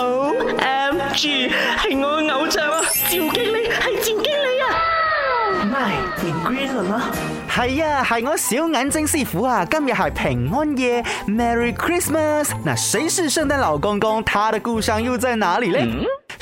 O M G，係我嘅偶像啊！趙經理，係趙經理啊！唔係，你 green 啦？係啊，係我小眼睛師傅啊！今日係平安夜，Merry Christmas。嗱，誰是聖誕老公公？他的故鄉又在哪裏咧？嗯